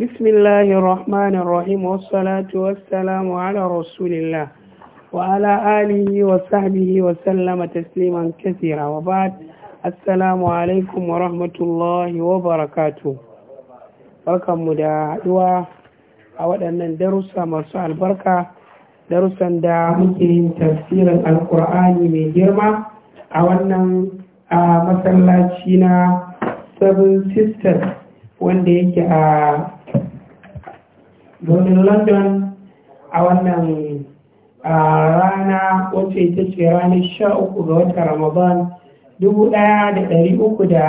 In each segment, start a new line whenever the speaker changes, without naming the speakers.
بسم الله الرحمن الرحيم والصلاة والسلام على رسول الله وعلى آله وصحبه وسلم تسليما كثيرا وبعد السلام عليكم ورحمة الله وبركاته mu da haɗuwa a waɗannan darussa masu albarka darussan da muke yin tafsirin alkur'ani mai girma a wannan masallaci na seven sisters wanda yake a domin london a wannan rana wacce ita ce ranar sha uku ga wata ramadan dubu ɗaya da ɗari uku da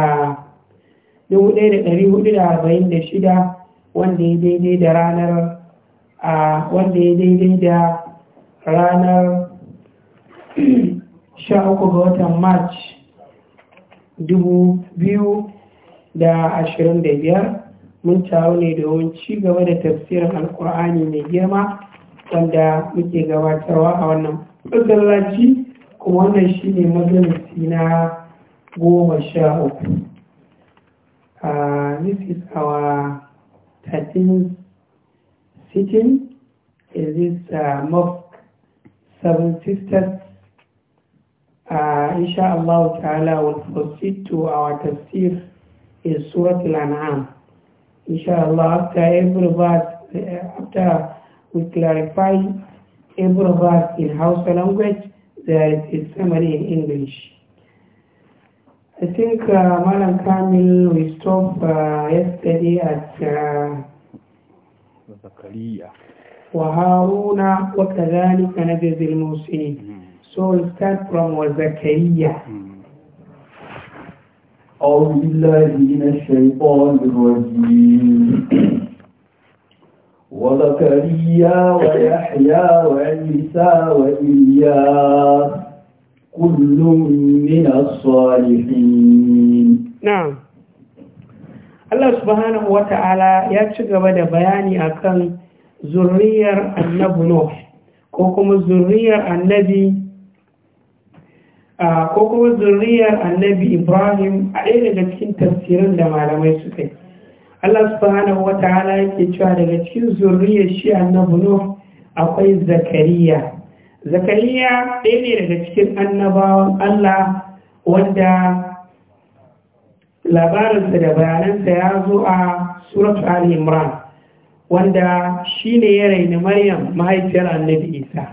dubu ɗaya da ɗari hudu da arba'in da shida wanda ya daidai da ranar wanda ya daidai da ranar sha uku ga watan march dubu biyu da ashirin da biyar mun taru ne domin ci gaba da tafsirin alkur'ani mai girma wanda muke gabatarwa a wannan masallaci kuma wannan shi ne majalisi na goma sha uku this is our 13th sitting is this uh, mosque seven sisters uh, insha Allah ta'ala will proceed to our tafsir is Surah Al-An'am. Inshallah, after every verse, after we clarify every verse in Hausa language, there is a summary in English. I think uh, Malam Kamil, we stopped uh, yesterday at uh, Zakaria. وهارون وكذلك نجزي المحسنين. So we'll start from Zakaria. Hmm.
أعوذ بالله من الشيطان الرجيم وزكريا ويحيى وعيسى وإياس كل من الصالحين نعم الله سبحانه وتعالى
يتشغب بياني أكن ذرية النبي نوح كوكم ذرية النبي ko kuma zurriyar annabi ibrahim a ɗaya daga cikin tafsirin da malamai suka yi allah subhanahu wa ta'ala yake cewa daga cikin zurriyar shi annabi nuh akwai zakariya zakariya ɗaya ne daga cikin annabawan allah wanda labarinsa da bayanansa ya zo a suratu al imran wanda shi ne ya raini maryam mahaifiyar annabi isa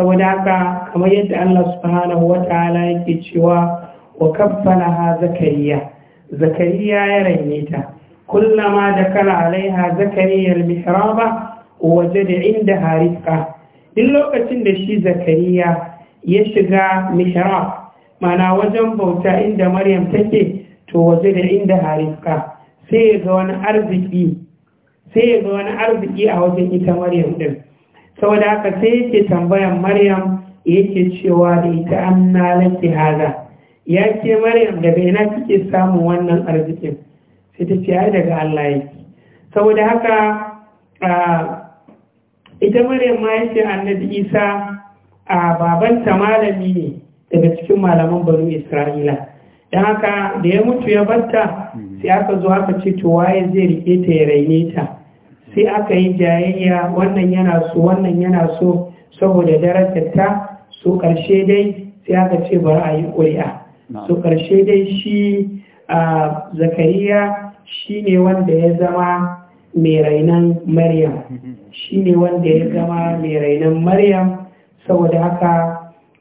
saboda haka kamar yadda Allah subhanahu ta'ala yake cewa wa ha zakariya zakariya ya raine ta kullama da kala alaiha zakariya al-mihraba wajada inda harifka duk lokacin da shi zakariya ya shiga mihrab mana wajen bauta inda maryam take to wajada inda harifka sai ga wani arziki sai ga wani arziki a wajen ita maryam din saboda haka sai yake tambayan maryam yake cewa da ita na laki haza ya ce maryam daga ina kike samun wannan arzikin sai ta ce ai daga Allah yake saboda haka ita maryam ma yace annabi isa a babanta malami ne daga cikin malaman banu isra'ila Dan haka da ya mutu ya batta hmm. sai aka zo aka ce to waye zai rike ta ya raine ta sai aka yi jayayya wannan yana so wannan yana so saboda darajar ta so karshe dai sai aka ce bari a yi ƙuri'a so karshe dai shi zakariya shi ne wanda ya zama mai rainon maryam mm-hmm. shi ne wanda ya zama mai rainon maryam saboda haka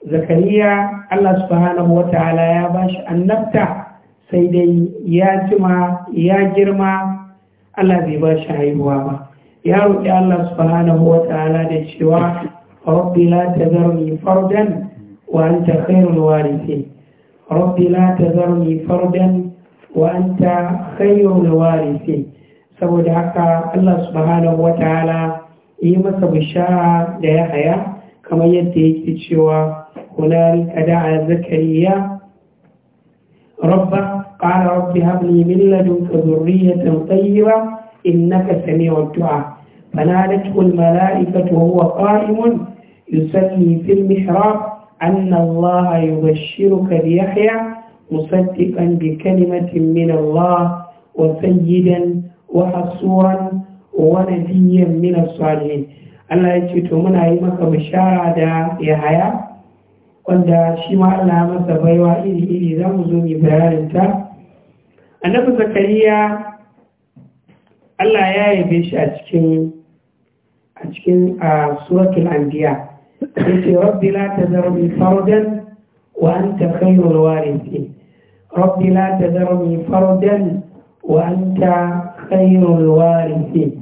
zakariya allah subhanahu wa ta'ala ya ba shi annabta sai dai ya jima ya girma Allah bai ba shi haihuwa ba ya roƙi Allah subhanahu wa ta'ala da cewa rabbi la tazarni fardan wa anta khairul warithin rabbi la tazarni fardan wa anta khairul warithin saboda haka Allah subhanahu wa ta'ala yi masa bishara da ya haya kamar yadda yake cewa hunalika da'a zakariya rabba قال رب هب لي من لدنك ذرية طيبة إنك سميع الدعاء فنادته الملائكة وهو قائم يصلي في المحراب أن الله يبشرك بيحيى مصدقا بكلمة من الله وسيدا وحصورا ونبيا من الصالحين Allah ya ce to muna yi maka bishara da Yahaya wanda shi ma Allah masa baiwa iri iri za mu zo mu bayanin ta annabi zakariya Allah ya yabe shi a cikin a cikin suratul anbiya yace rabbi la tazarni fardan wa anta khayrul warithin rabbi la tazarni fardan wa anta khayrul warithin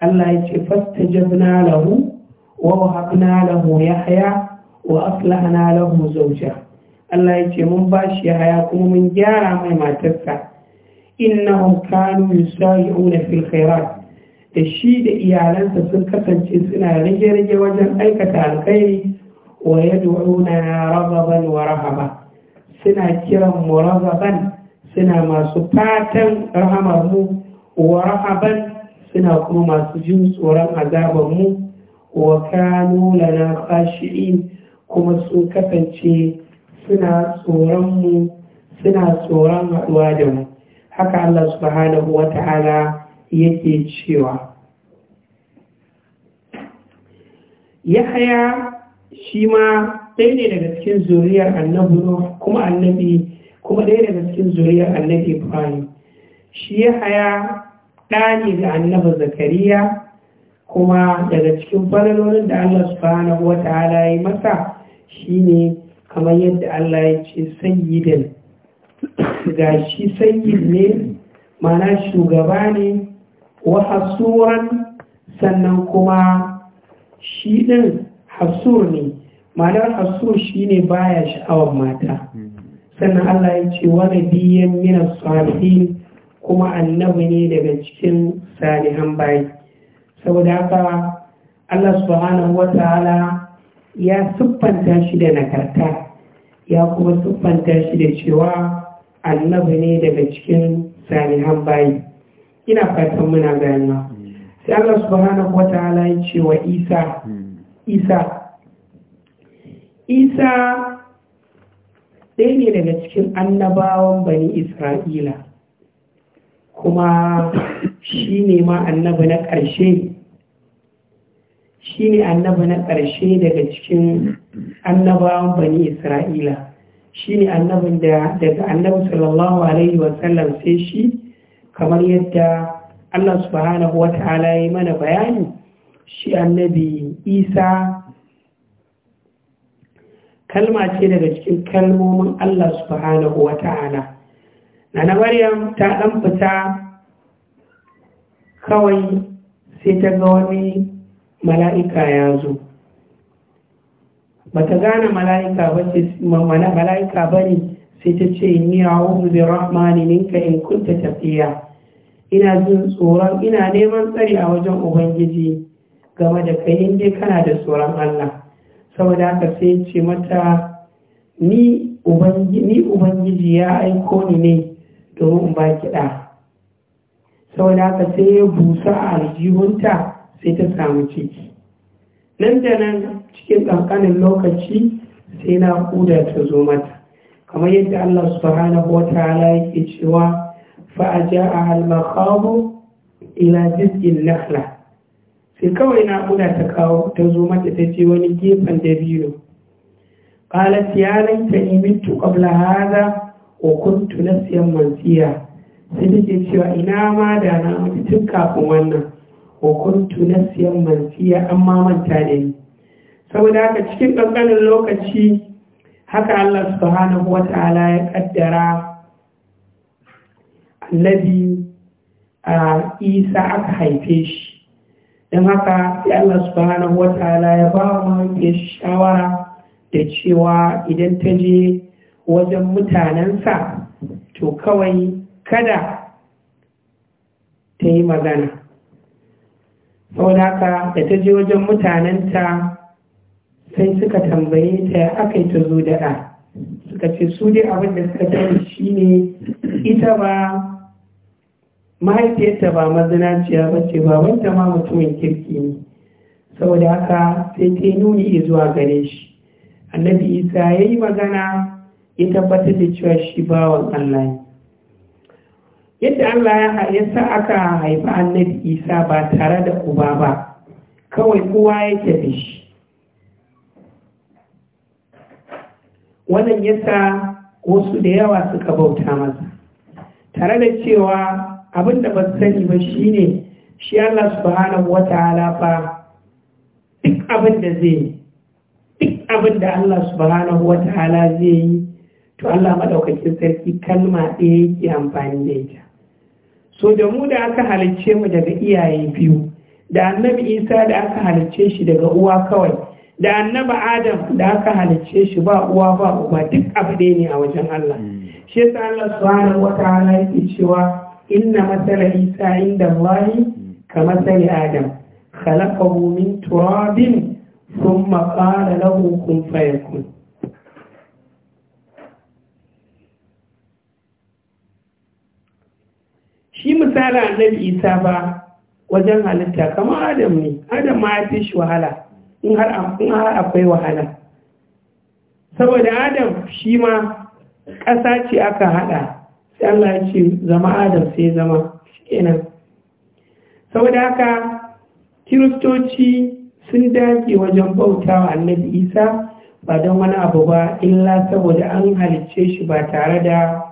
Allah yace fastajabna lahu wa wahabna lahu yahya wa aslahna lahu zawja Allah yace mun bashi yahya kuma mun gyara mai matarsa innahum kanu yusari'una fil khairat da shi da iyalansa sun kasance suna rage-rage wajen aikata alkhairi wa yad'una raghaban wa rahaba suna kiran mu raghaban suna masu fatan rahamar mu wa rahaban suna kuma masu jin tsoron azaban mu wa kanu lana khashi'in kuma sun kasance suna tsoron mu suna tsoron haɗuwa da mu haka Allah subhanahu wa ta'ala yake cewa yahaya shi ma ɗaya ne daga cikin zuriyar annabi kuma annabi kuma ɗaya daga cikin zuriyar annabi ibrahim shi yahaya ɗa ne ga annabi zakariya kuma daga cikin falalolin da Allah subhanahu wa ta'ala ya yi masa shi ne kamar yadda Allah ya ce sayyidan Gashi shi ne mana shugaba ne wa hasuran sannan kuma shi ɗin hasur ne ma'anar hasur shi ne baya sha'awar mata sannan Allah ya ce wani biyan mina salihin kuma annabi ne daga cikin salihan bayi saboda haka Allah subhanahu wa ta'ala ya siffanta shi da nagarta ya kuma siffanta shi da cewa annabi ne daga cikin salihan bayi ina fatan muna gani sai Allah subhanahu wataala ya ce wa Isa Isa Isa dai ne daga cikin annabawan bani Isra'ila kuma shi ne ma annabi na ƙarshe shi ne annabi na ƙarshe daga cikin annabawan bani Isra'ila shine annabin da daga annabi sallallahu alaihi wasallam sai shi kamar yadda Allah subhanahu wata'ala ya mana bayani shi annabi isa kalma ce daga cikin kalmomin Allah subhanahu wata'ala nana maryam ta ɗan fita kawai sai ta ga wani mala'ika ya zo bata gane mala'ika ba ce mala'ika ne sai ta ce ni a'udhu bi rahmani minka in kunta tafiya ina jin tsoron ina neman tsari a wajen ubangiji game da kai in kana da tsoron Allah saboda haka sai ce mata ni ubangiji ya aiko ni ne domin ba kiɗa. saboda haka sai ya busa a aljihunta sai ta samu ciki nan da nan cikin ƙanƙanin lokaci sai na kuda ta zo mata kamar yadda Allah subhanahu wa ta'ala yake cewa fa aja'a al-makhabu ila jiz'in nakhla sai kawai na kuda ta kawo ta zo mata ta ce wani gefen da dabino qalat ya ta mitu qabla hada, wa kuntu nasiyan mansiya sai take cewa ina ma da na mutu tun kafin wannan wa kuntu nasiyan mansiya amma manta da ni saboda haka cikin ƙanƙanin lokaci haka Allah subhanahu wa ta'ala ya ƙaddara annabi a isa aka haife shi don haka ya Allah subhanahu wa ta'ala ya ba mu ya shawara da cewa idan ta je wajen mutanensa to kawai kada ta yi magana saboda haka da ta je wajen mutanenta sai suka tambaye ta ya aka yi ta zo da ɗa suka ce su dai abin da suka shi ne ita ba mahaifiyarta ba mazinaciya ba ce ba wanda ma mutumin kirki ne saboda haka sai ta nuni zuwa gare shi annabi isa ya yi magana ya tabbatar da cewa shi bawan allah ne yadda allah ya sa aka haifi annabi isa ba tare da uba ba kawai kowa yake da shi wannan yasa wasu da yawa suka bauta masa tare da cewa abin da ba sani ba shine shi Allah subhanahu wata'ala fa duk abin da zai duk abin da Allah subhanahu wata'ala zai yi to Allah madaukakin sarki kalma ɗaya yake amfani da ita so da mu da aka halicce mu daga iyaye biyu da annabi Isa da aka halicce shi daga uwa kawai da annaba adam da aka halicce shi ba uwa ba uba duk abu ne a wajen Allah hmm. shi yasa Allah subhanahu wata yake cewa inna masala isa inda Allah ka masali adam khalaqahu min turabin sun makara na hukun fayakun shi misali annabi isa ba wajen halitta kamar adam ne adam ma ya fi shi wahala in har akwai wahala saboda adam shi ma ƙasa ce aka haɗa sai Allah ya ce zama adam sai zama kenan saboda haka kiristoci sun dage wajen bautawa annabi isa ba don wani abu ba illa saboda an halicce shi ba tare da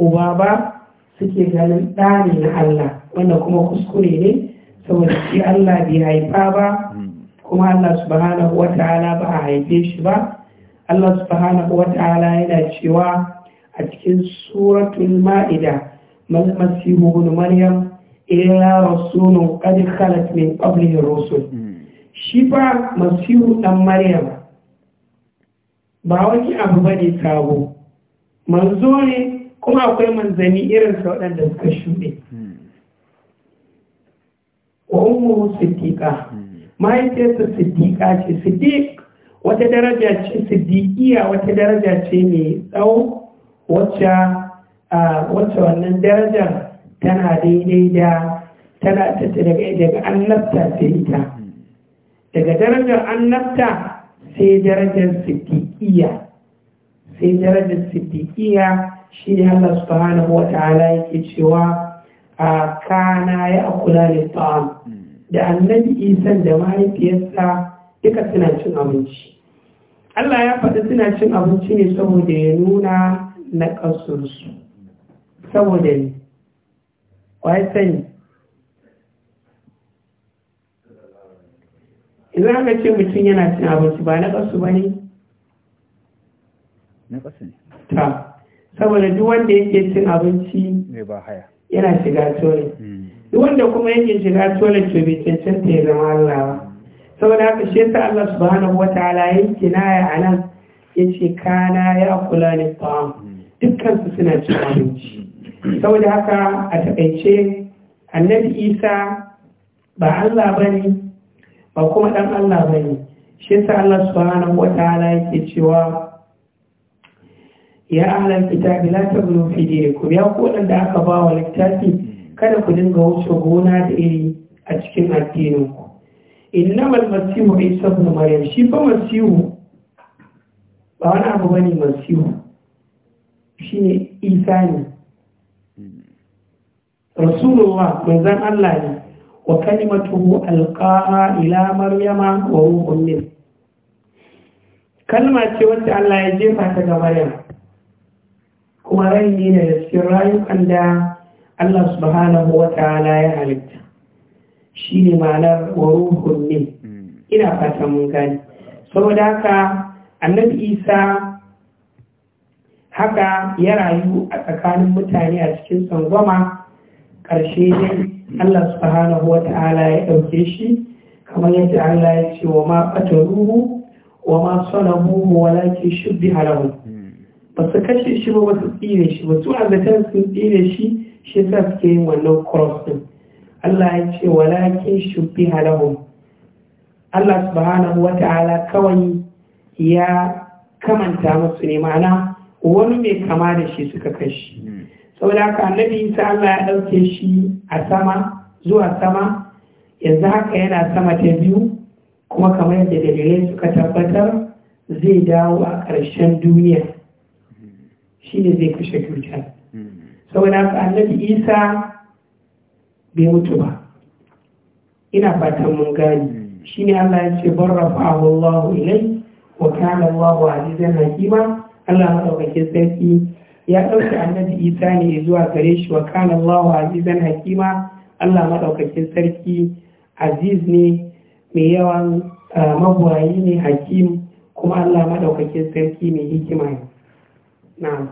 uba ba suke ganin ɗani na Allah wanda kuma kuskure ne saboda shi Allah bai haifa ba kuma Allah subhanahu wata'ala ba a haife shi ba Allah subhanahu wata'ala yana cewa a cikin suratul ma'ida mal masihu ibn maryam illa rasulun qad khalat min qablihi rusul hmm. shi fa masihu dan maryam ba wani abu bane sabo manzo ne kuma akwai manzani irin sa waɗanda suka shuɗe hmm. wa ummu siddiqa hmm. mahaifiyarsa siddiƙa ce siddiƙ wata daraja ce siddiƙiya wata daraja ce mai tsawo wacce wannan darajar tana daidai da tana daga annabta sai ita daga darajar annabta sai darajar siddiƙiya sai darajar siddiƙiya shi ne Allah subhanahu wa ta'ala yake cewa a kana ya kula ne ta'am hmm. da annabi isan da mahaifiyarsa duka suna cin abinci allah ya faɗi suna cin abinci ne saboda ya nuna na ƙasursu saboda ne wai sani idan aka ce mutum yana cin abinci ba na ƙasu ba ne na ƙasu ne ta saboda duk wanda yake cin abinci yana shiga tsoron duk wanda kuma yake shiga toilet ce bai cancanta ya zama Allah ba saboda haka shi yasa Allah subhanahu wataala ya kinaya a nan ce kana ya kula ni ta'am dukkan su suna cin abinci saboda haka a takaice annabi Isa ba Allah ba ne ba kuma dan Allah bane shi yasa Allah subhanahu ya ke cewa ya ahlal kitabi la taghlu fi ku ya ku da aka ba wa littafi kada ku dinga wuce gona da iri a cikin addininku mal masihu isa ibn maryam shi fa masihu ba wani abu bane masihu shine isa ne rasulullah manzon Allah ne wa kalimatuhu alqaha ila maryam wa ruhun min kalma ce wacce Allah ya jefa ta ga maryam kuma rai ne da cikin kan da Allah subhanahu wa ta'ala ya halitta shi ne ma'anar waruhun ne ina fata mun gani saboda haka annabi isa haka ya rayu a tsakanin mutane a cikin tsangwama ƙarshe ne Allah subhanahu wa ta'ala ya ɗauke shi kamar yadda Allah ya ce wa ma ɓata ruhu wa ma sanahu walakin shubbi halahu ba su kashe shi ba wasu tsire shi ba su azatan sun tsire shi shi sa suke yin wannan cross din Allah ya ce walakin shubbi halahu. Allah subhanahu wa ta'ala kawai ya kamanta musu ne ma'ana wani mai kama da shi suka kashi hmm. saboda haka annabi isa Allah ya ɗauke shi a sama zuwa sama yanzu haka yana sama ta biyu kuma kamar yadda dalilai suka tabbatar zai dawo a ƙarshen duniya shi ne zai kashe cutar hmm. saboda haka annabi isa bai mutu ba ina fatan mun gani hmm. shi allah ya ce bar rafa'ahu allahu ilai wa kana allahu azizan hakima allah maɗaukakin sarki ya ɗauki annabi isa ne zuwa gare shi wa kana allahu azizan hakima allah maɗaukakin sarki aziz ne mai yawan mabuwayi ne hakim kuma allah maɗaukakin sarki mai hikima ne na'am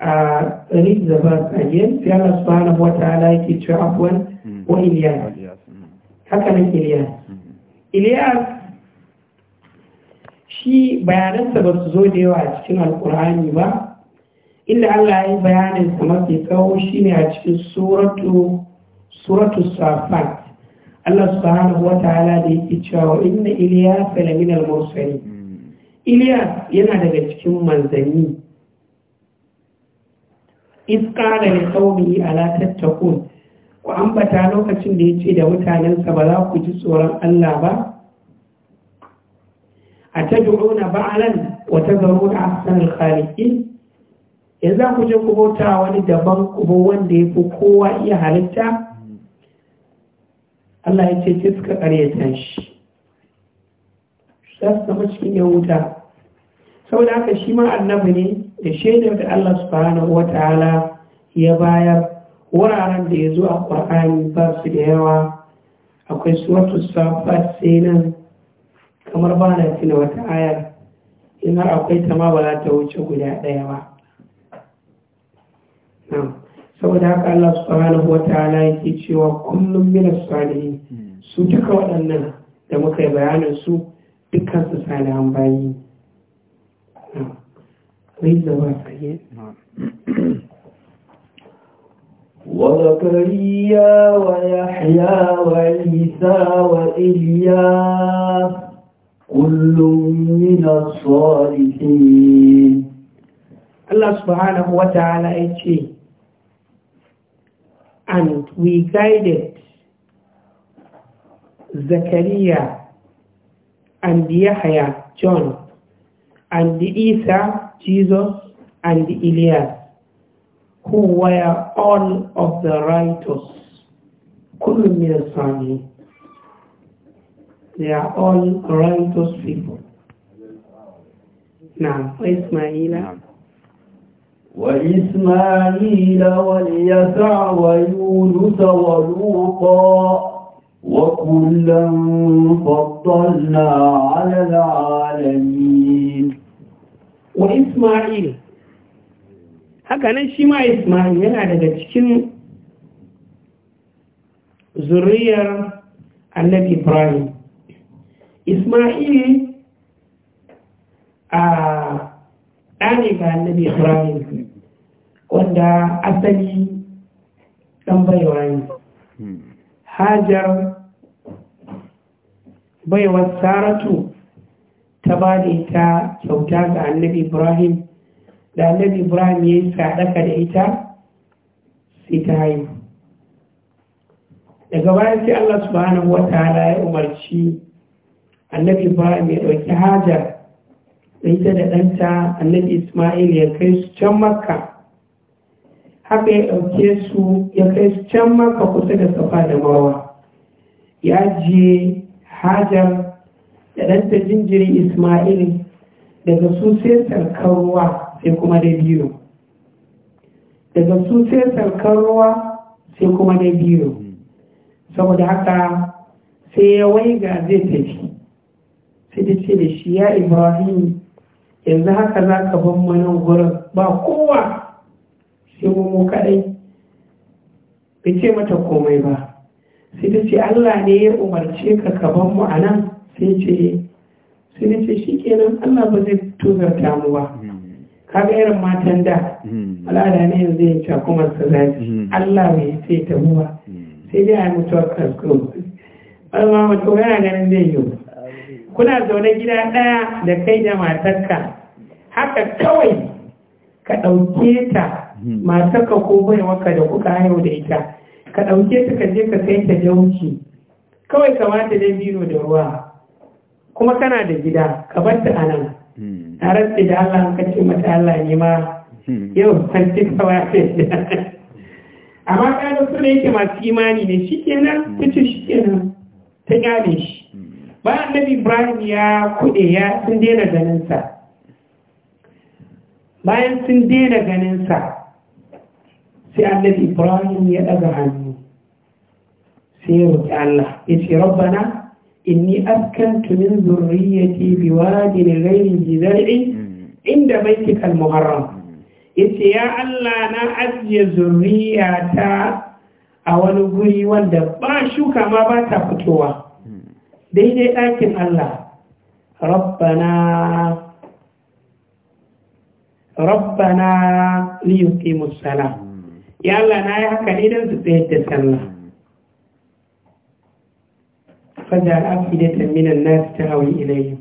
a read the verse Allah subhanahu wata ala yake cewa afwan wa hmm. Iliyas hmm. haka nan Iliyas hmm. Iliyas shi bayanansa ba su zo da yawa a cikin alkur'ani ba inda Allah ya yi bayanin sa mafi kawo shi ne a cikin suratu suratu safat Allah subhanahu wata ala da yake cewa inna Iliyas la al-mursalin Iliyas yana daga cikin manzanni Iska da saumi ala tattakun ku ambata lokacin da ya ce da mutanensa ba za ku ji tsoron Allah ba a ta du'una nan, wa ta zaru da ahsanul khaliqin yanzu za ku je ku wani daban ku wanda ya fi kowa iya halitta Allah ya ce ce suka shi za cikin yan wuta saboda haka shi ma annabi ne da shaidar da Allah subhanahu uwa ta'ala ya bayar wuraren da ya zo a ƙwarƙani ba su da yawa akwai suwatu safat sai nan kamar ba na na wata ayar ina akwai ta ma ba za ta wuce guda ɗaya ba saboda haka Allah subhanahu uwa ta'ala yake cewa kullum mina salihin su duka waɗannan da muka yi bayanin su dukkan su salihan
bayi طيب، وذكريا طيب، نعم. ويحيى وعيسى وإليا كل من الصالحين الله سبحانه وتعالى
يجي and we guided زكريا and يحيى John and Isa Jesus and Elias, who were all of the righteous. They are all righteous people. نعم وإسماعيل
وإسماعيل واليسع ويونس ولوطا وكلا فضلنا على العالمين wa isma'il haka nan
shi ma isma'il yana daga cikin zuriyar annabi ibrahim isma'il a ɗane ga annabi ibrahim wanda asali ɗan baiwa ne hmm. hajar baiwar saratu ta ba da ita kyauta ga annabi ibrahim da annabi ibrahim ya yi sadaka da ita sai ta haihu daga bayan sai allah subhanahu wa ta'ala ya umarci annabi ibrahim ya ɗauki hajar da ita da ɗanta annabi ismail ya kai su can makka haka ya ɗauke su ya kai su can makka kusa da safa da mawa ya je hajar da ta jinjiri ismail daga su sai sarkar ruwa sai kuma da biyu daga su sai sarkar sai kuma da biyu saboda haka sai ya waiga zai tafi sai da ce da shi ya ibrahim yanzu haka za ka ban manan gurin ba kowa sai mu kaɗai bai ce mata komai ba sai ta ce allah ne ya umarce ka ka ban mu a nan sai ce sai na ce shi kenan allah ba zai tuzar mu ba kaga irin matan da al'ada ne yanzu ya ce kuma su zafi allah bai sai ta muwa sai dai a yi mutuwar kasko ɓarma mutu yana ganin zai yi kuna zaune gida ɗaya da kai da matarka haka kawai ka ɗauke ta matarka ko bai waka da kuka haihu da ita ka ɗauke ta ka je ka kai ta jauci kawai kamata da biro da ruwa kuma kana da gida ka bar ta anan hmm. na rantsi da Allah ka ce mata Allah ne ma hmm. yau an ci kawai amma kayan su da yake masu imani ne shi kenan hmm. ta ce shi ta gane shi bayan nabi ibrahim ya kuɗe ya sun daina ganinsa bayan sun daina ganinsa sai annabi ibrahim ya ɗaga hannu sai ya roƙi allah ya ce rabbana inni askantu min zurriyyati bi wadin ghairi zar'i mm. inda baitikal muharram mm. yace ya Allah na ajiye zurriyata a wani guri wanda ba shuka ma ba ta fitowa mm. daidai ɗakin Allah rabbana rabbana liyuqimus salam ya Allah na yi haka ne don su tsayar da sallah fajar ta minan nas tahawi ilayhi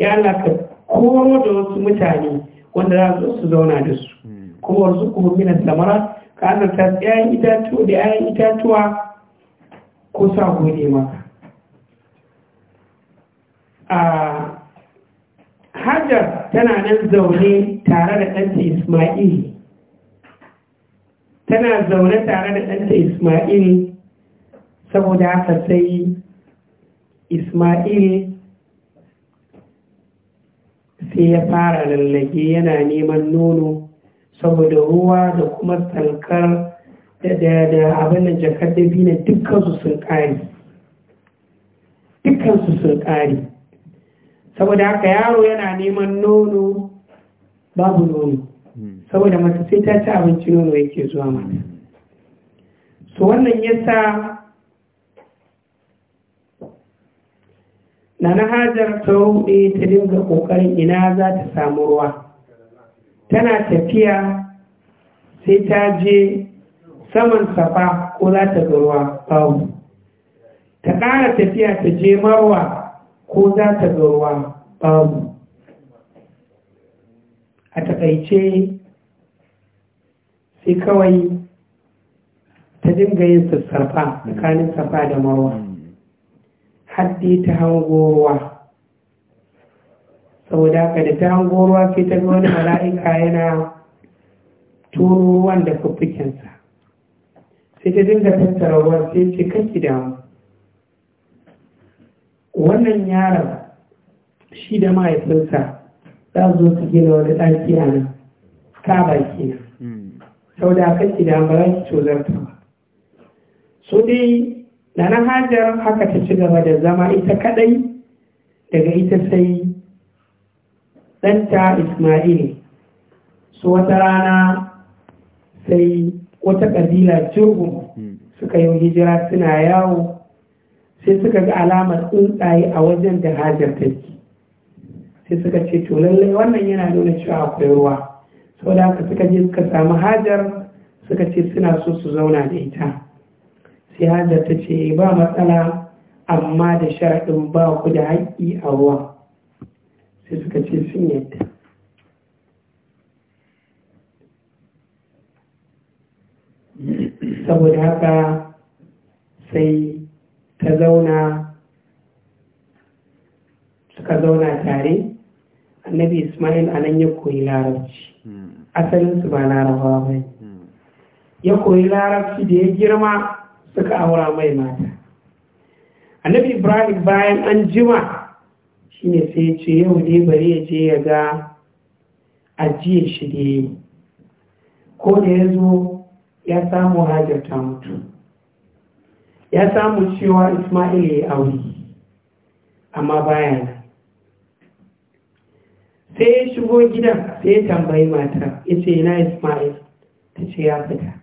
ya Allah ka koro da wasu mutane wanda za su su zauna da su hmm. kuma wasu kuma minan samara ka azarta itatuwa da ƴaƴan itatuwa ko sa gode maka a hajar tana nan zaune tare da ɗanta ismail tana zaune tare da ɗanta ismail saboda haka sai ismail sai ya fara lallage yana neman nono saboda ruwa da kuma talkar da abin da jakar dabina dukkansu sun ƙari dukkansu sun ƙari saboda haka yaro yana neman nono babu nono hmm. saboda mace sai ta ci abinci nono yake zuwa mata so wannan yasa na na hajar ta ta dinga ƙoƙarin ina za ta samu ruwa tana tafiya sai ta je saman safa ko za ta ga ruwa bawu ta ƙara tafiya ta je marwa ko za ta ga ruwa bawu a taƙaice sai kawai ta dinga yin sassafa tsakanin safa da marwa haddi ta hangowa saboda ka da ta hango ruwa ta gani wani mala'ika yana turo ruwan da sai ta dinga tattara ruwan sai ce kaki damu wannan yaron shi da mahaifinsa za su zo su gina wani ɗaki a nan ka baki na hmm. sau da kaki damu ba za ki cozarta ba so dai nana hajar haka ta ci gaba da zama ita kadai daga ita sai ɗanta ismail su wata rana sai wata ƙabila jirgu suka yi hijira suna yawo sai suka ga alamar tsuntsaye a wajen da hajar take sai suka ce to lallai wannan yana nuna cewa akwai ruwa sau da haka suka je suka samu hajar suka ce suna so su zauna da ita sai ta ce ba matsala amma da sharaɗin ba ku da haƙƙi a ruwa sai suka ce sun yadda saboda haka sai ta zauna suka zauna tare annabi ismail a nan ya koyi larabci hmm. asalinsu ba larabawa bai. Hmm. ya koyi larabci da ya girma suka aura mai mata annabi ibrahim bayan an jima shine sai ya ce yau ne bari ya je ya ga ajiyar shi da yi ko da ya zo ya samu hajar ta mutu ya samu cewa ismail ya yi aure amma baya nan sai ya shigo gidan sai ya tambayi mata ya ce yana ismail ta ce ya fita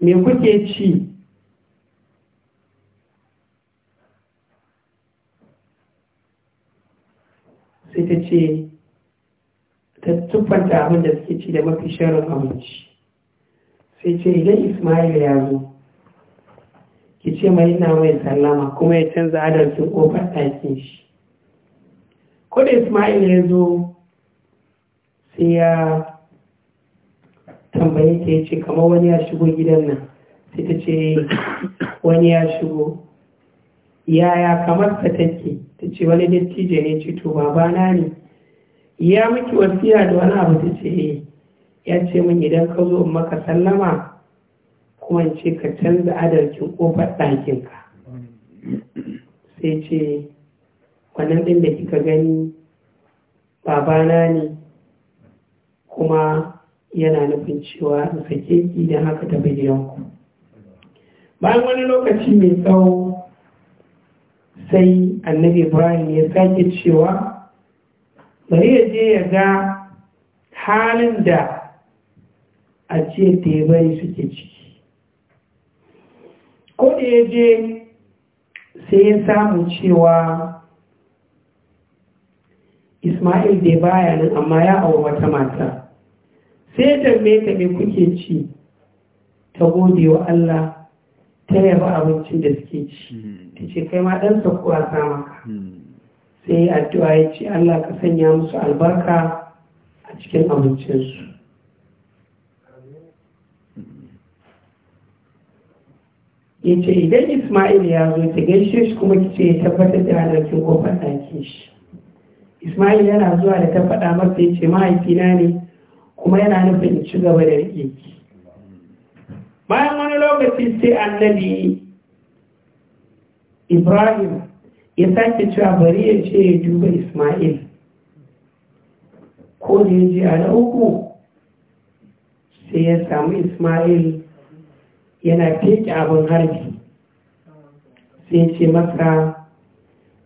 me kuke ci ita ce ta tuffanta abin da suke ci da mafi sharon amince sai ce idan ismail ya zo ki ce mai ina mai sallama kuma ya canza adalcin ƙofar ɗakin shi ko da ismail ya zo sai ya tambaye ta ya ce kamar wani ya shigo gidan nan sai ta ce wani ya shigo yaya kamar ta take ta ce wani dattijo ne ce to babana ne ya miki wasiya da wani abu ta ce eh. ya ce min idan ka zo in maka sallama kuma in ce ka canza adalcin kofar ɗakinka sai ce wannan ɗin da kika gani babana ne kuma yana nufin cewa in sake ki da haka ta bayyana bayan wani lokaci mai tsawo sai annabi ibrahim ya sake cewa bari ya je ya ga halin da a ce tebai suke ciki
ko da ya je sai ya
samu cewa ismail da baya nan amma ya auri wata mata sai ya tambaye ta me kuke ci ta gode wa allah ta yaba abincin da suke ci ta ce kai ma ɗansa kuwa sa ka, sai yi addu'a ya ce Allah ka sanya musu albarka a cikin abincinsu ya ce idan ismail ya zo ta gaishe shi kuma ki ce ya tabbatar da halarkin kofar ɗakin shi ismail yana zuwa da ta faɗa masa ya ce mahaifina ne kuma yana nufin ci gaba da riƙe ki bayan wani lokaci sai annabi ibrahim ya sake cewa bari ya ce ya duba ismail ko da ya je a na uku sai ya samu ismail yana feke abin harbi sai ya ce masa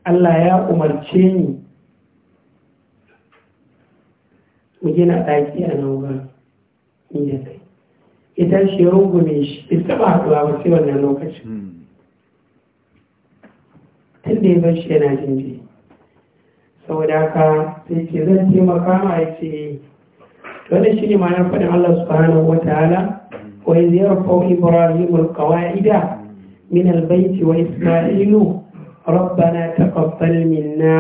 allah ya umarce ni mu gina ɗaki a nan ba inda ita shi rungume shi bai taba haɗuwa ba sai wannan lokacin tun da ya bar shi yana jin ji saboda haka sai ce zan taimaka ma ya ce wannan shi ne ma'anar faɗin Allah subhanahu wa ta'ala wa yanzu yarfau ibrahim alqawaida min albayti wa isma'ilu ربنا تقبل منا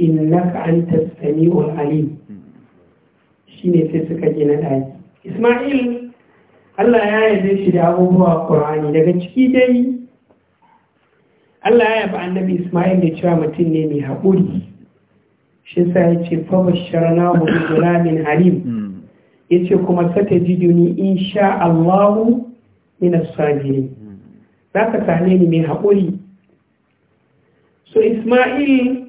إنك أنت السميع العليم شيني في سكة جنة Ismail Allah ya yabe shi da abubuwa Qur'ani daga ciki dai Allah ya yaba annabi Ismail da cewa mutum ne mai haƙuri shi sa ya ce fa basharna hu bi gulamin halim yace kuma satajiduni insha Allah min as-sabirin zaka same ni mai haƙuri so Ismail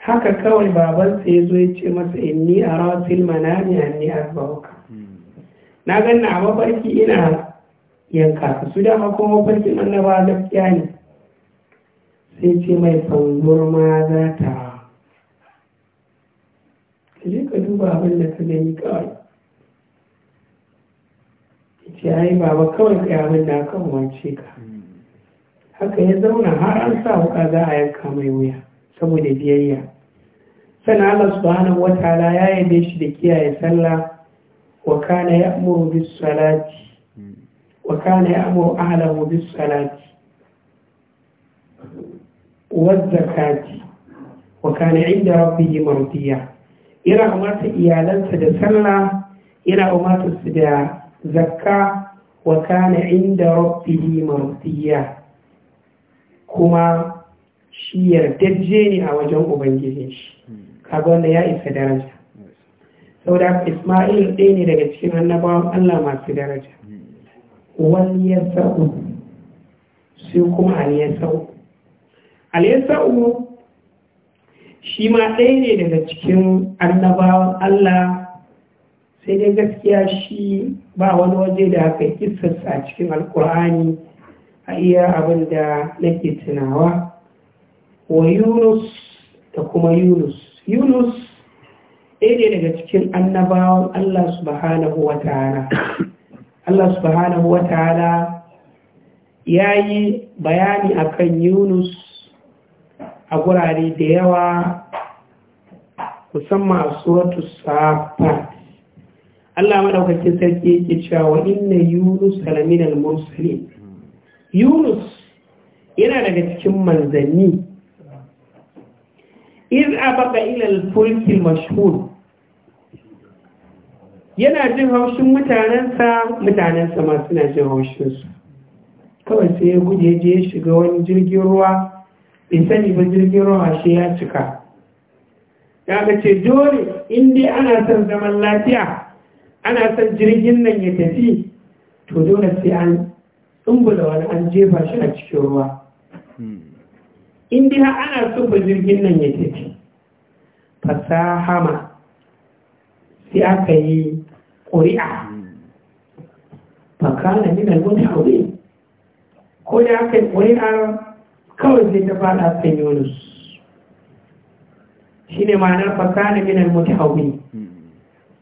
haka kawai babansa ya zo ya ce masa inni arasil manami anni azbauka na ganna a mafarki ina yanka su da dama kuma na ba gaskiya ne sai ce mai fangur ma za ta ka je ka duba abin da ka gani kawai ce ai baba kawai ka abin da aka umarce ka haka ya zauna har an sa wuka za a yanka mai wuya saboda biyayya sannan Allah subhanahu ta'ala ya yi shi da kiyaye sallah وكان يأمر بالصلاة وكان يأمر أهله بالصلاة والزكاة وكان عند ربه مرضيا إلى أمات إيالان سدسلا إلى أمات سدى زكاة وكان عند ربه مرضيا كما شير تجيني ne a wajen ubangijin يا kaga wanda saboda Isma'il ɗaya ne daga cikin annabawan Allah masu daraja wani sa'u sai kuma sa'u. aliyar sa'u shi ma ɗaya ne daga cikin annabawan Allah sai dai gaskiya shi ba wani waje da aka yi a cikin alkur'ani a iya abin da nake tunawa wa yunus da kuma yunus yunus ɗaya daga cikin annabawan Allah subhanahu wa ta'ala Allah subhanahu wa ta'ala ya yi bayani a kan Yunus a gurare da yawa musamman a suratu safat Allah madaukakin sarki yake cewa inna Yunus salamin al-mursalin Yunus yana daga cikin manzanni iz abaka ila al-fulk mashhur yana jin haushin mutanensa mutanensa ma suna jin haushinsu kawai sai ya guje je ya shiga wani jirgin ruwa bai sani ba jirgin ruwa shi ya cika ya ga dole in dai ana son zaman lafiya ana son jirgin nan ya tafi to dole sai an tsumbula wani an jefa shi a cikin ruwa in dai ana so ba jirgin nan ya tafi fasahama sai aka yi ƙuri'a fakana min wani aure ko da aka yi ƙuri'a kawai sai ta faɗa kan yunus shi ne ma'anar fakana min wani aure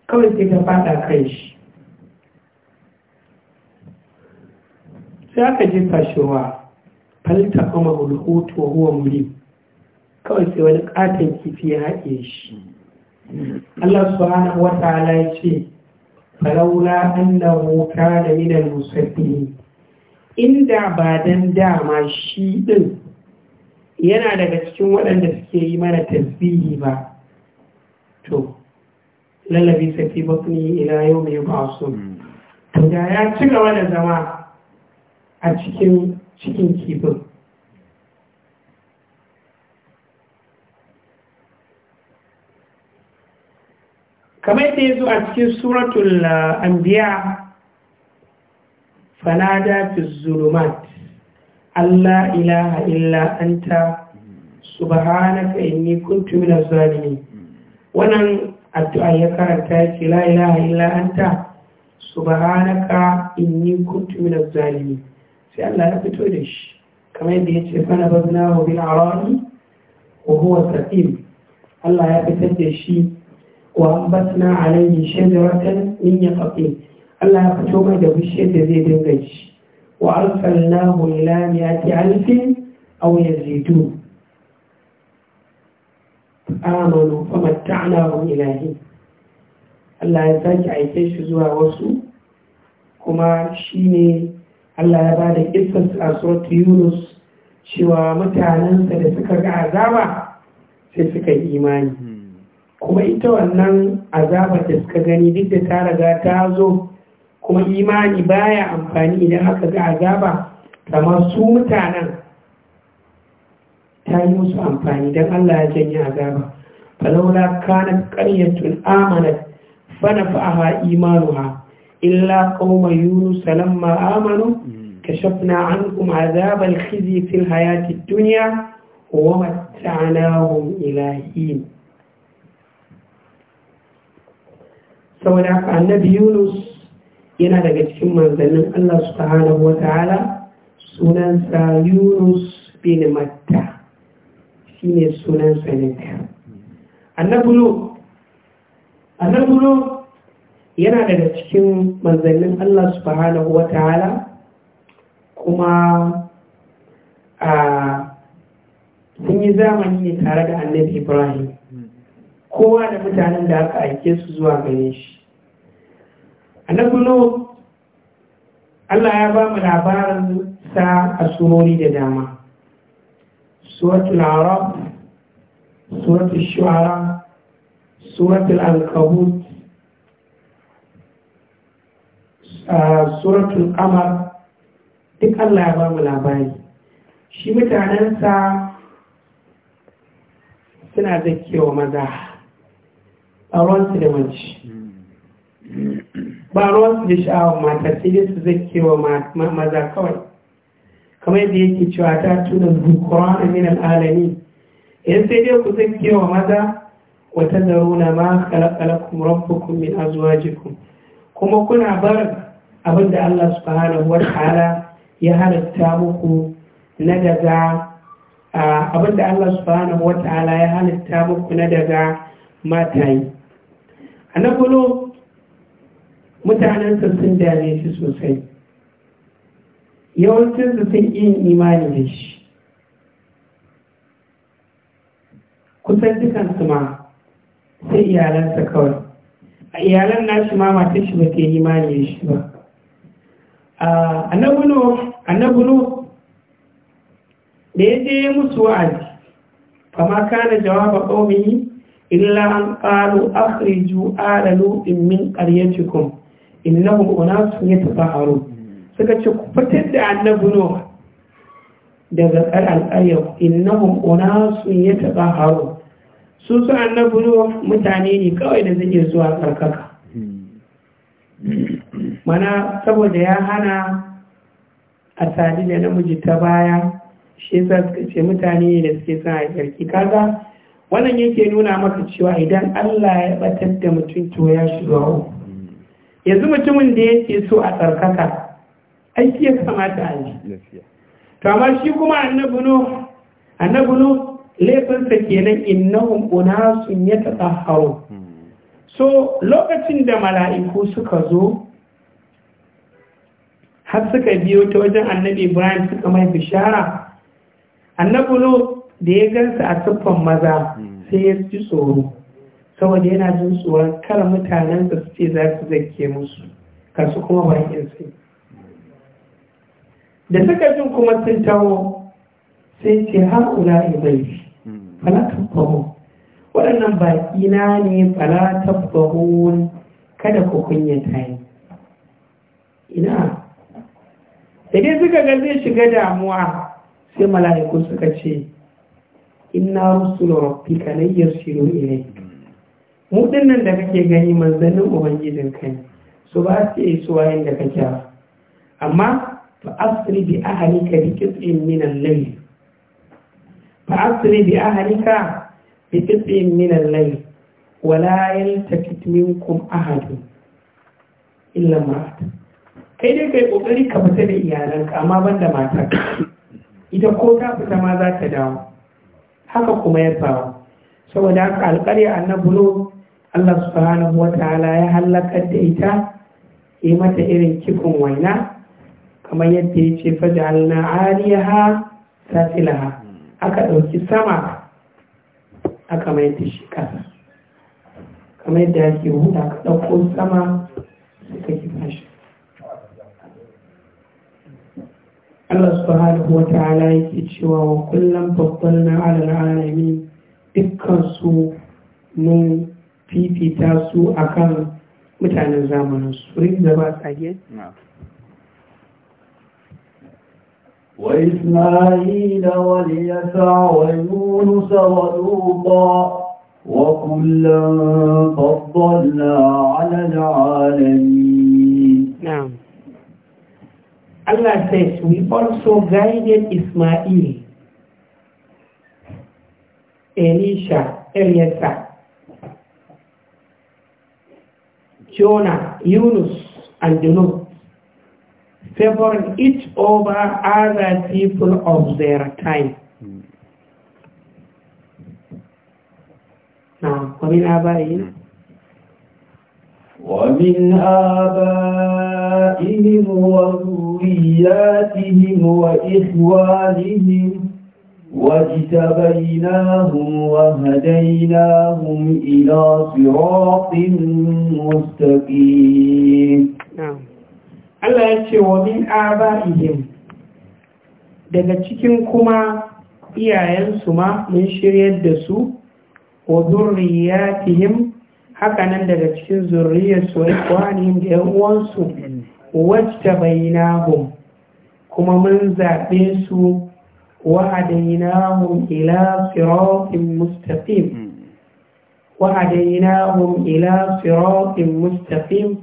kawai sai ta faɗa kan shi sai aka jefa shi wa falta kuma hulhutu wa huwa kawai sai wani katon kifi ya haƙe shi Allah subhanahu wa ta'ala ya ce falaula annahu kana min al inda ba dan dama shi din yana daga cikin waɗanda suke yi mana tasbihi ba to lalabi safi bakni ila yau mai basu to da ya ci gaba da zama a cikin cikin kifin kamar da ya zo a cikin suratul uh, anbiya fanada fi zulumat Allah ilaha illa anta subhanaka inni kuntu zalimin wannan addu'a ya karanta yake la ilaha illa anta subhanaka inni kuntu zalimin sai Allah ya fito da shi kamar yadda ya ce fana bazna wa bil arani ko huwa saqim Allah ya fitar da shi wa ambatna alayhi shajaratan min yaqin Allah ya fito mai da bishiyar da zai dinga shi. wa na arsalnahu ila mi'ati alfin aw yazidun amanu famatta'nahum ilahi Allah ya sake aike shi zuwa wasu kuma shi ne. Allah ya ba da istas a suratu Yunus cewa mutanensa da suka ga azaba sai suka yi imani kuma ita wannan azaba da suka gani duk da ta riga ta zo kuma imani baya amfani idan aka ga azaba kamar su mutanen ta yi musu amfani don Allah ya janye azaba falaula kanat qaryatun amanat fa nafa'aha imanuha إلا قوم يونس لما آمنوا كشفنا عنكم عذاب الخزي في الحياة الدنيا ومتعناهم إلى حين saboda haka annabi yunus yana daga cikin manzannin allah subhanahu wata'ala sunansa yunus bin matta shi ne sunansa ne annabulo annabulo yana daga cikin manzannin Allah subhanahu wa ta'ala kuma a sun yi zamani ne tare da annabi Ibrahim kowa da mutanen da aka aike su zuwa gare shi annabi Allah ya ba mu labarin sa a surori da dama suratul araf suratul shu'ara suratul ankabut suratul Amar, duk Allah ya ba mu labari shi mutanensa suna zakewa maza a ruwansu da manci ba ruwansu da sha'awar mata sai dai su zakewa maza kawai kamar yadda yake cewa ta tuna zukurana min al'alami yan sai dai ku zakewa maza wata zaruna ma kalakalakun rabbukum min azuwajikun kuma kuna bar abinda Allah subhanahu wa ta'ala ya halitta muku na daga abinda Allah subhanahu wa ta'ala ya halitta muku na daga matayi a na kulo mutanensa sun dame shi sosai yawancinsu sun yin imani da shi kusan dukansu ma sai iyalansa kawai a iyalan nashi ma matar shi ba ta yi imani da shi ba annabunu da ya je musu wa'azi kama na jawaba qaumihi illa an qalu akhriju ala lutin min sun yi tafa yatafaharun suka ce ku fitar da annabunu daga al'ayyar innahum unasun yatafaharun su su annabunu mutane ne kawai da zai zuwa tsarkaka hmm. mana saboda ya hana a sadi da namiji ta baya shi ce mutane da suke son haifarki kaga wannan yake nuna maka cewa idan Allah ya batar da mutum to ya shiga uku yanzu mutumin da ya yake so a tsarkaka aiki ya kamata a yi amma shi kuma annabuno annabuno laifinsa kenan innahum unasun ya taɓa hau hmm. so lokacin da mala'iku suka zo har suka biyo ta wajen annabi ibrahim suka mai bishara annabi lo da ya gansa a siffan maza hmm. sai ya ji tsoro saboda yana jin tsoron kar mutanen su ce za su zake musu kasu kuma bakin sai da suka jin kuma sun taho sai ce haƙula ibai hmm. falatan faho waɗannan baƙina ne falatan faho kada ku kunyata yi ina da dai suka ga zai shiga damuwa sai mala'iku suka ce inna rusulu rabbika lan yasiru ilayk mu nan da kake gani manzannin ubangijin kai su ba su yi suwa yadda kake ba amma fa asri bi ahlika bi qit'in min al-layl fa asri bi ahlika bi qit'in min al-layl wa la yaltakit minkum ahadun illa ma'atun kai dai kai kokari ka fita da iyalanka amma ban da matar ita ko ta fita ma za ta dawo haka kuma ya faru saboda haka alƙarya annabulo Allah subhanahu wa ta'ala ya halakar da ita yi mata irin kifin waina kamar yadda ya ce faja'alna aliyaha safilaha aka ɗauki sama aka mai ta shi ƙasa kamar yadda ake huda ka ɗauko sama suka kifa shi سبحانه وتعالى يتشوى وكلم فضلنا على العالمين اكرسوا من في في تاسو أكام متعنى زامن السورين زبات أجل
نعم. وإسماعيل وليسع ويونس ولوطا وكلا فضلنا على العالمين نعم Allah says, we also guided
Ismail, Elisha, Elisha, Jonah, Yunus, and Junub, favoring each over other people of their time. نعم ومن آبائهم
ومن آبائهم آبائهم وذرياتهم وإخوانهم واجتبيناهم وهديناهم إلى صراط مستقيم Allah ya ce wa min aba'ihim daga
cikin kuma iyayensu ma mun shiryar da su wa zurriyatihim haka nan daga cikin zurriyarsu wa ikwanihim da yan uwansu wacce bainahum kuma mun zaɓe su wa'adainahum ila siratin mustaqim wa'adainahum ila firofin mustaqim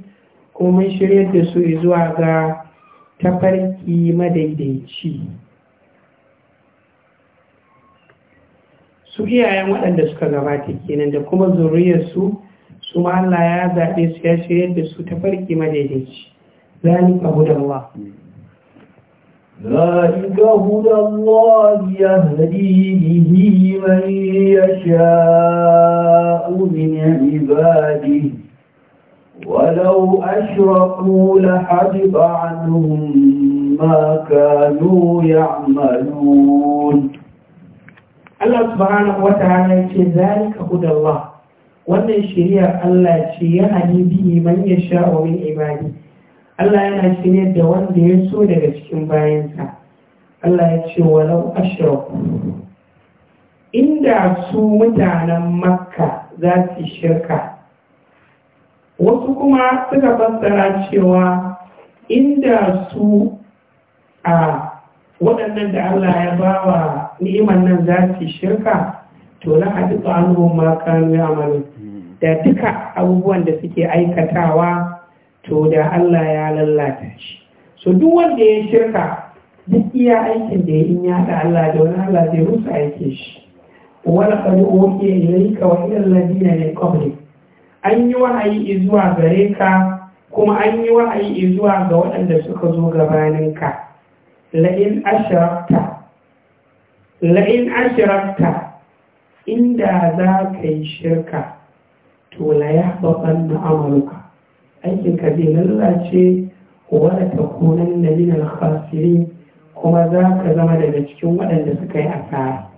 kuma mun shirya da su zuwa ga tafarki madaidaici su iyayen waɗanda suka gabata kenan da kuma zuriyarsu su ma Allah ya zaɓe su ya shirya da su ta farki madaidaici ذلك هدى
الله يهدي به من يشاء من عباده ولو أشرقوا لحجب عنهم ما كانوا يعملون الله سبحانه وتعالى ذلك هدى الله
wannan shirya Allah ce ya hanibi man ya sha'o min ibadi Allah yana shirya da wanda ya so daga cikin bayansa Allah ya ce walau ashraku inda su mutanen makka za su shirka wasu kuma suka fassara cewa inda su a waɗannan da Allah ya bawa ni'iman nan za su shirka to la adiqa anhum ma kanu amalu mm. da duka abubuwan da suke aikatawa to da Allah ya lallata shi so duk wanda ya shirka duk iya aikin da ya in ya haɗa Allah da wani Allah zai rusa aike shi wala qad uhiya yi kawai irin alladhina ne qablik an yi wahayi zuwa gare ka kuma an yi wahayi zuwa ga waɗanda suka zo gabaninka la'in ashrafta la'in inda za ka yi shirka to la ya baban na amurka aikinka zai lalace wadda ta kunan da min alkhasiri kuma za ka zama daga cikin waɗanda suka yi asara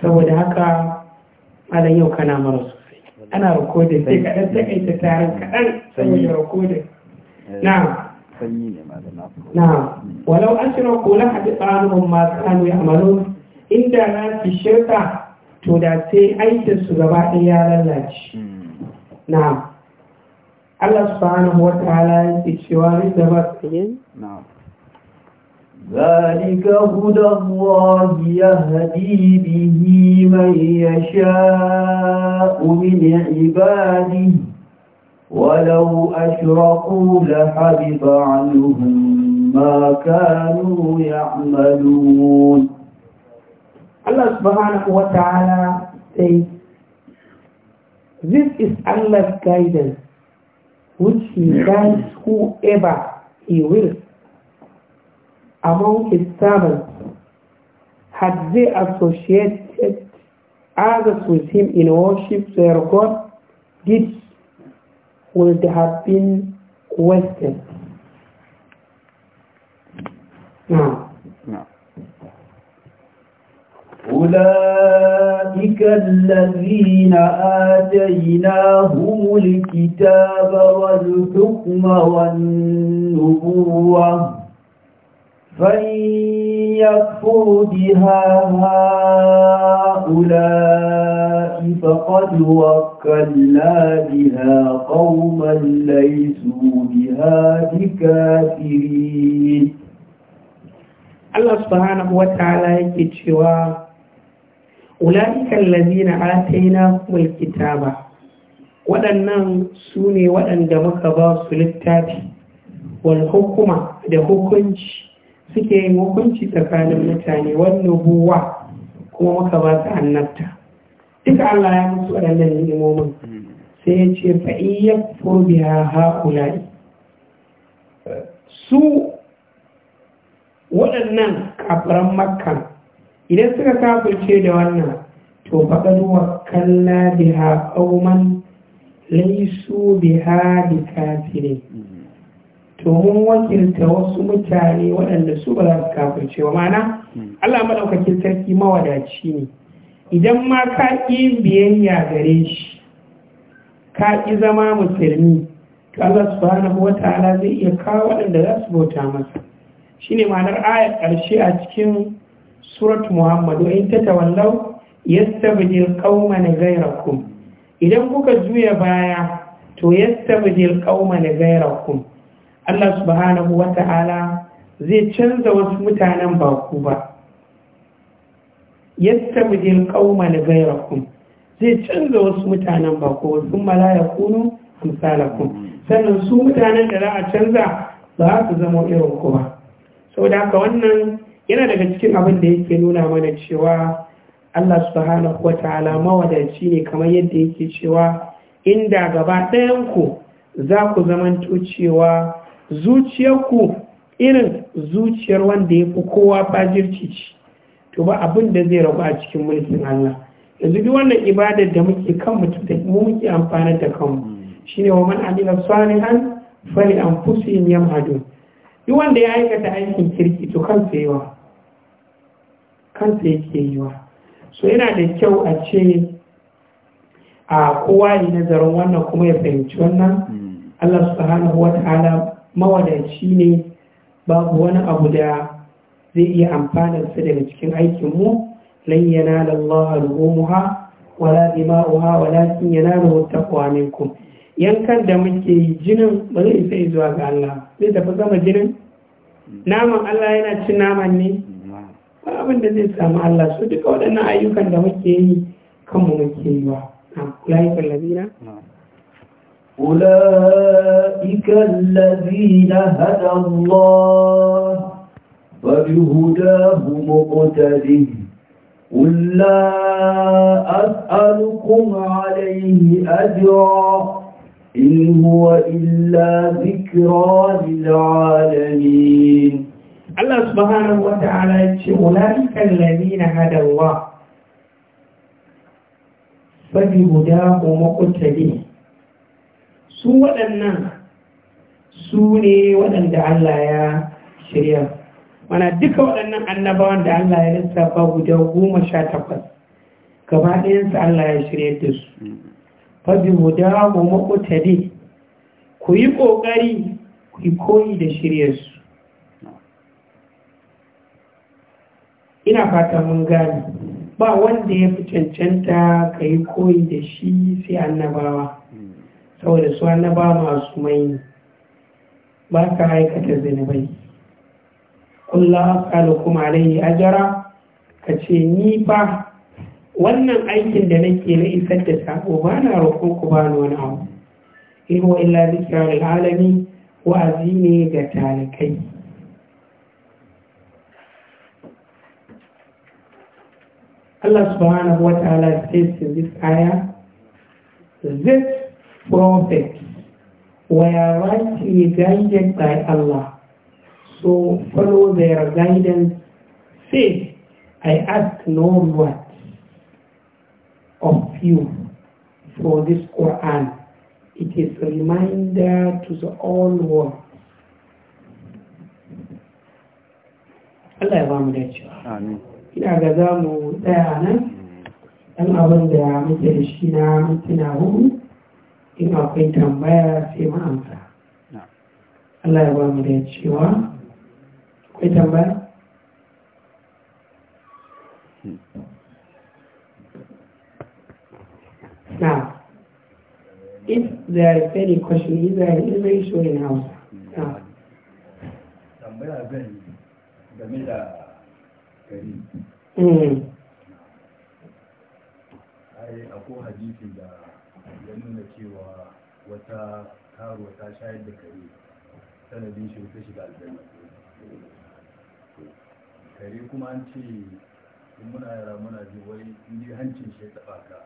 saboda haka malam yau kana mara sosai ana rikodin sai kaɗan takaita tarin kaɗan saboda rikodin eh, na na walau an shirar kula a duk tsarin masu hannu ya amalu inda na fi shirka to da sai aikin su gaba ɗaya ya lalace na'am Allah subhanahu wataala yake cewa inda ba su yi
ذلك هدى الله يهدي به من يشاء من عباده ولو أشرقوا لَحَبِطَ عنهم ما كانوا يعملون Allah subhanahu wa ta'ala
says, This is Allah's guidance, which He guides whoever He will among His servants. Had they associated others with Him in worship their God, deeds would have been
wasted. Now, no. أولئك الذين آتيناهم الكتاب والحكم والنبوة فإن يكفر بها هؤلاء فقد وكلنا بها قوما ليسوا بها بكافرين الله سبحانه
وتعالى يكتشوا ula'ikan lazina ataina mulkita ba, waɗannan su ne waɗanda muka ba su littafi wal hukuma da hukunci suke yin hukunci tsakanin mutane wani buwa kuma muka ba su annabta duka Allah ya musu waɗannan ni'imomin sai ya ce fa'iyyar furbiya haƙulai su waɗannan kafiran makka idan suka kafirce da wannan to faɗaɗu wa kalla da haƙauman laisu biha haɗi kafirin to mun wakilta wasu mutane waɗanda su ba za su kafirce wa mana Allah maɗaukakin sarki mawadaci ne idan ma ka ƙi biyayya gare shi ka ƙi zama musulmi to Allah subhanahu ala zai iya kawo waɗanda za su bauta masa shine ma'anar ayar ƙarshe a cikin surat muhammad wa in tatawallaw yastabdil qauman ghayrakum idan kuka juya baya to yastabdil qauman ghayrakum Allah subhanahu wata'ala zai canza wasu mutanen baku ba yastabdil qauman ghayrakum zai canza wasu mutanen bako wasu mala ya kunu amsalakum sannan su mutanen da za a canza ba su zama irin ku ba sau da haka wannan yana daga cikin abin da yake nuna mana cewa Allah subhanahu wa ta'ala mawadaci ne kamar yadda yake cewa inda gaba ɗayanku za ku zamanto cewa zuciyarku irin zuciyar wanda ya fi kowa fajirci ce to ba abin da zai rabu a cikin mulkin Allah yanzu bi wannan ibadar da muke kan mutum da mu muke amfana da kanmu shine wa man amila salihan fali anfusihim yamhadun duk wanda ya aikata aikin kirki to kansa yawa kansa yake yi wa so yana da kyau a ce a kowa yi nazarin wannan kuma ya fahimci wannan hmm. Allah subhanahu wa ta'ala mawadaci ne babu wani abu da zai iya amfana su daga cikin aikin mu yana da Allah al ha? wala dima'uha walakin yanalu taqwa minkum yankan da muke yi jinin ba zai isa zuwa ga Allah zai tafi sama jinin hmm. naman Allah yana cin naman ne hmm. ba abin da zai samu Allah su duka waɗannan ayyukan da muke yi kanmu muke yi ba na
kulayi kallabina أولئك الذين هدى الله فبهداه مقتده قل لا أسألكم عليه أجرا إن هو إلا ذكرى للعالمين Allah subhanahu wa ta'ala ya ce
ulaiikal ladina hada Allah guda ko muqtadi su waɗannan su ne waɗanda Allah ya shirya mana duka waɗannan annabawan da Allah ya lissafa guda goma sha takwas gaba Allah ya shirya da su fabi ko muqtadi ku yi ƙoƙari ku yi koyi da shiryarsu ina fata mun gane ba wanda ya fi cancanta ka yi koyi da shi sai annabawa saboda su annaba masu mai ba ka aikata zinubai kulla asalukum a ajara ka ce ni ba wannan aikin da nake na isar da sako ba na roƙon ku ba ni wani abu in wa illa zikirar lil wa'azi ne ga talikai Allah subhanahu wa ta'ala says in this ayah, these prophets were rightly guided by Allah. So follow their guidance. Say, I ask no reward of you for this Quran. It is a reminder to the whole world. Allah ya ina ga za mu tsaya nan ɗan abin da muke da shi na mutuna hudu in akwai tambaya sai mu amsa Allah ya ba mu da cewa akwai tambaya Now, if there is any question, either in English or in Hausa. Now. Mm.
ai akwai hadisi da ya nuna cewa wata karuwa ta shayar da kare sanadin shi ta shiga aljanna kare kuma an ce in muna yara muna ji wai in hancin shi ya taba ka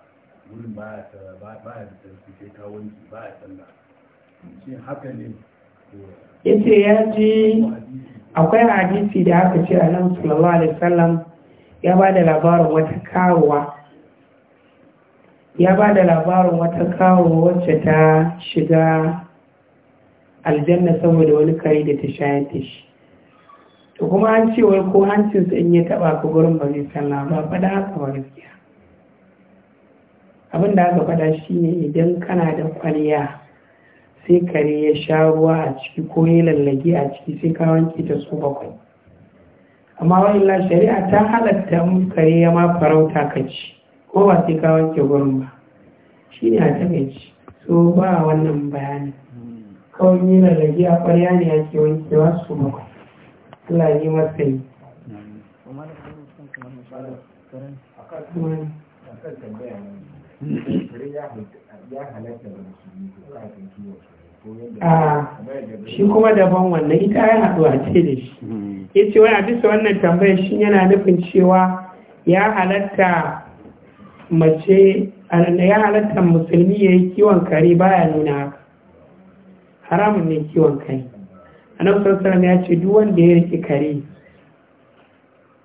wurin baya ta baya da tarfi sai ka wanki baya sallah shi haka ne
yace ya ji akwai hadisi da aka ce a nan sallallahu alaihi wasallam ya ba da labarin wata kawowa ya ba da labarin wata kawowa wacce ta shiga aljanna saboda wani kare da ta shayar da shi to kuma an ce wai ko hancinsa in ya taba ka gurin ba zai san ba faɗa haka ba gaskiya abin da aka faɗa shine idan kana da kwaliya sai kare ya sha ruwa a ciki ko ya lallage a ciki sai ka wanke ta su bakwai amma wa'illa shari'a ta halatta mu kare ya ma farauta ka ci ko ba sai ka wanke gurin ba shi ne a takaici so ba wannan bayani kawai ya lallage a ƙwarya ne ake wankewa su bakwai Allah yi masa yi.
ya halatta da musulmi ko kafin kiwon su shi kuma
daban wannan ita ya a ce da shi hmm. ya ce wani a wannan tambayar shi yana nufin cewa ya halatta mace ya halatta musulmi ya yi kiwon kare baya nuna haka haramun ne kiwon kare nan sallallahu ya ce duk wanda ya rike kare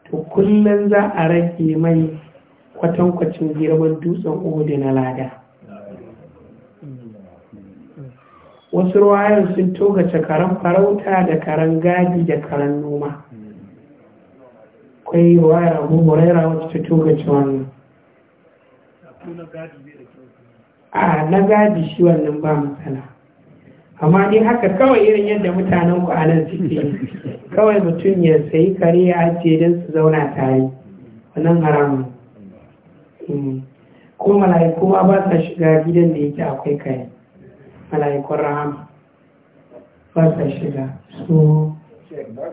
to kullum za a rage mai kwatankwacin girman dutsen uhudu na lada wasu ruwayar sun togace karen farauta da karen gadi da karen noma akwai ruwayar abu huraira wacce ta togace wannan a na gadi shi wannan ba matsala amma ni haka kawai irin yadda mutanen ku a nan suke kawai mutum ya sayi kare ya ajiye don su zauna tare wannan haramun hmm. kuma mala'iku ma ba sa shiga gidan da yake akwai kayan. mala'ikun rahama ba shiga
su shiga da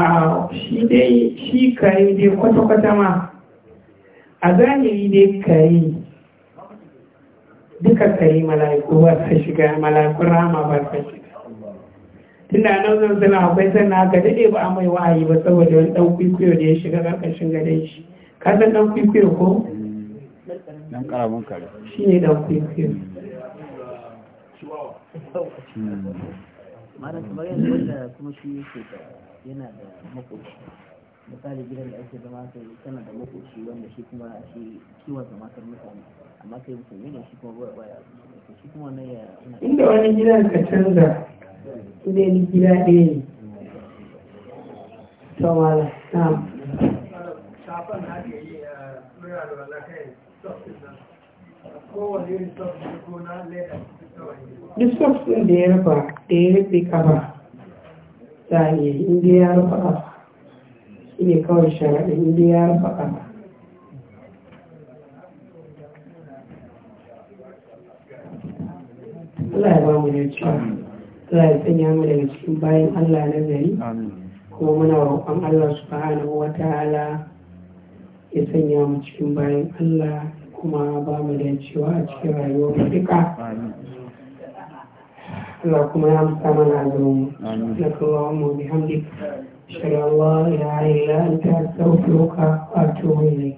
a
shi dai shi kare dai kwata-kwata ma a zahiri dai kare duka kare mala'iku ba sa shiga mala'ikun rahama ba shiga tunda nan zan zana akwai sannan aka daɗe ba a mai wa'ayi ba saboda wani ɗan kwaikwayo da ya shiga ƙarƙashin gadon shi kasan dan kwikwiyo ko
dan karamin kare shi ne dan kwikwiyo mara kamar yanzu wanda kuma shi yake da yana da makoci misali gidan da ake zama sai tana da makoci wanda shi kuma shi kiwon zama kan mutane amma sai musulmi ne shi kuma baya baya shi kuma wannan ya inda wani gidan ka canza
ne ni gida ɗaya ne to malam na'am
kafin haɗe eh, mura da wallakai sosai nan kowane yin sosai ko na leda
duk sosai da ya rufa da ya rufe kafa za a inda ya rufa shi ne kawai sharaɗin inda ya rufa Allah ya ba mu da cewa Allah ya sanya mu daga cikin bayan Allah na gari kuma muna roƙon Allah subhanahu wa ta'ala ya sanya mu cikin bayan Allah kuma ba mu cewa a cikin rayuwar duka Allah kuma ya amsa mana azumin Allahumma bihamdik shalla la ilaha illa anta astaghfiruka wa atubu ne.